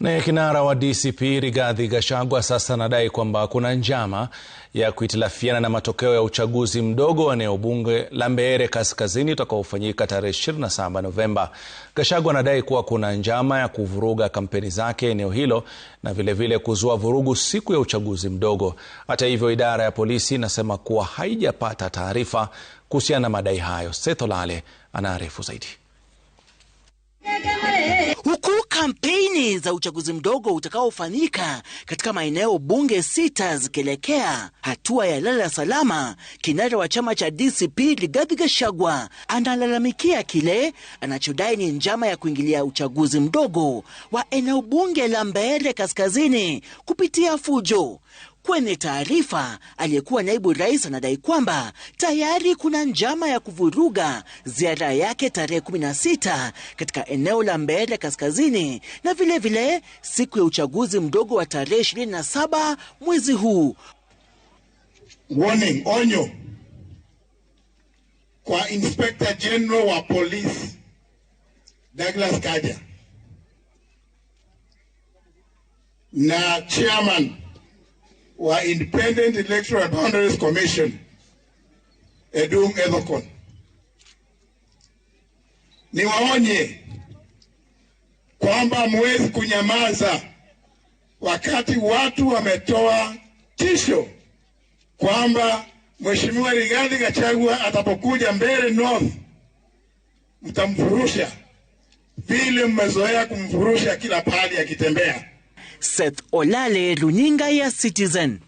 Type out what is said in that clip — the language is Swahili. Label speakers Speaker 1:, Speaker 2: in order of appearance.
Speaker 1: Naye kinara wa DCP Rigathi Gachagua sasa anadai kwamba kuna njama ya kuhitilafiana na matokeo ya uchaguzi mdogo wa eneo bunge la Mbeere Kaskazini utakaofanyika tarehe 27 Novemba. Gachagua anadai kuwa kuna njama ya kuvuruga kampeni zake eneo hilo na vilevile vile kuzua vurugu siku ya uchaguzi mdogo. Hata hivyo, idara ya polisi inasema kuwa haijapata taarifa kuhusiana na madai hayo. Setholale anaarifu zaidi.
Speaker 2: za uchaguzi mdogo utakaofanyika katika maeneo bunge sita zikielekea. Hatua ya lala salama, kinara wa chama cha DCP Rigathi Gachagua analalamikia kile anachodai ni njama ya kuingilia uchaguzi mdogo wa eneo bunge la Mbeere Kaskazini kupitia fujo. Kwenye taarifa, aliyekuwa naibu rais anadai kwamba tayari kuna njama ya kuvuruga ziara yake tarehe 16 katika eneo la Mbeere Kaskazini, na vilevile vile, siku ya uchaguzi mdogo wa tarehe 27 mwezi huu.
Speaker 3: Warning, onyo kwa Inspector General wa polisi Douglas Kaja na chairman wa Independent Electoral Boundaries Commission EDUM EDHOCON. Niwaonye kwamba mwezi kunyamaza wakati watu wametoa tisho kwamba Mheshimiwa Rigathi Gachagua atapokuja mbele North mtamfurusha vile mmezoea kumfurusha kila pahali akitembea.
Speaker 1: Seth Olale, luninga ya Citizen.